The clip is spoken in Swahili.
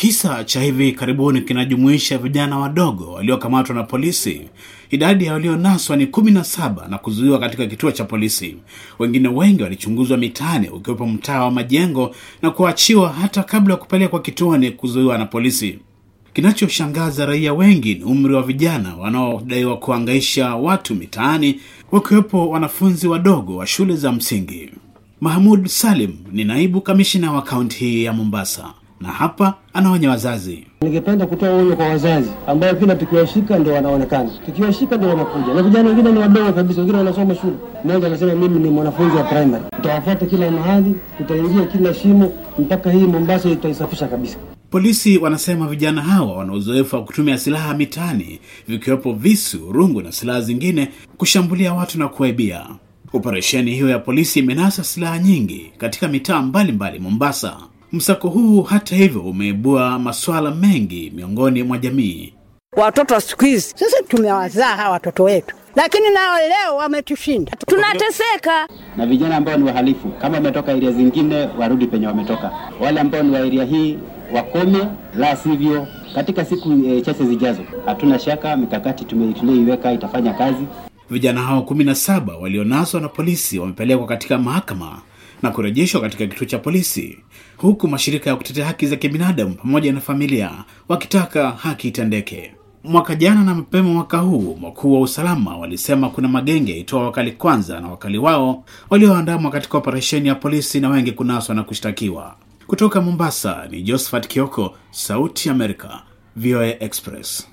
Kisa cha hivi karibuni kinajumuisha vijana wadogo waliokamatwa na polisi. Idadi ya walionaswa ni 17 na kuzuiwa katika kituo cha polisi. Wengine wengi walichunguzwa mitaani, ukiwepo mtaa wa Majengo, na kuachiwa hata kabla ya kupelekwa kituoni kuzuiwa na polisi. Kinachoshangaza raia wengi ni umri wa vijana wanaodaiwa kuangaisha watu mitaani, wakiwepo wanafunzi wadogo wa shule za msingi. Mahmud Salim ni naibu kamishina wa kaunti hii ya Mombasa na hapa anaonya wazazi. Ningependa kutoa onyo kwa wazazi ambayo kila tukiwashika ndo wanaonekana, tukiwashika ndo wanakuja, na vijana wengine ni wadogo kabisa, wengine wanasoma shule. Mmoja anasema mimi ni mwanafunzi wa primary, tutawafuata kila mahali, tutaingia kila shimo, mpaka hii Mombasa tutaisafisha kabisa. Polisi wanasema vijana hawa wana uzoefu wa kutumia silaha mitaani, vikiwepo visu, rungu na silaha zingine, kushambulia watu na kuwaibia. Operesheni hiyo ya polisi imenasa silaha nyingi katika mitaa mbalimbali Mombasa. Msako huu hata hivyo umeibua maswala mengi miongoni mwa jamii. Watoto siku hizi sisi tumewazaa hawa watoto wetu, lakini nao leo wametushinda, tunateseka. Na vijana ambao ni wahalifu, kama wametoka eria zingine warudi penye wametoka, wale ambao ni wa eria hii wakome, la sivyo katika siku e, chache zijazo, hatuna shaka mikakati tuliyoiweka itafanya kazi. Vijana hao kumi na saba walionaswa na polisi wamepelekwa katika mahakama na kurejeshwa katika kituo cha polisi, huku mashirika ya kutetea haki za kibinadamu pamoja na familia wakitaka haki itendeke. Mwaka jana na mapema mwaka huu, wakuu wa usalama walisema kuna magenge itoa wakali kwanza na wakali wao walioandamwa katika operesheni ya polisi na wengi kunaswa na kushtakiwa. Kutoka Mombasa ni Josephat Kioko, Sauti america VOA Express.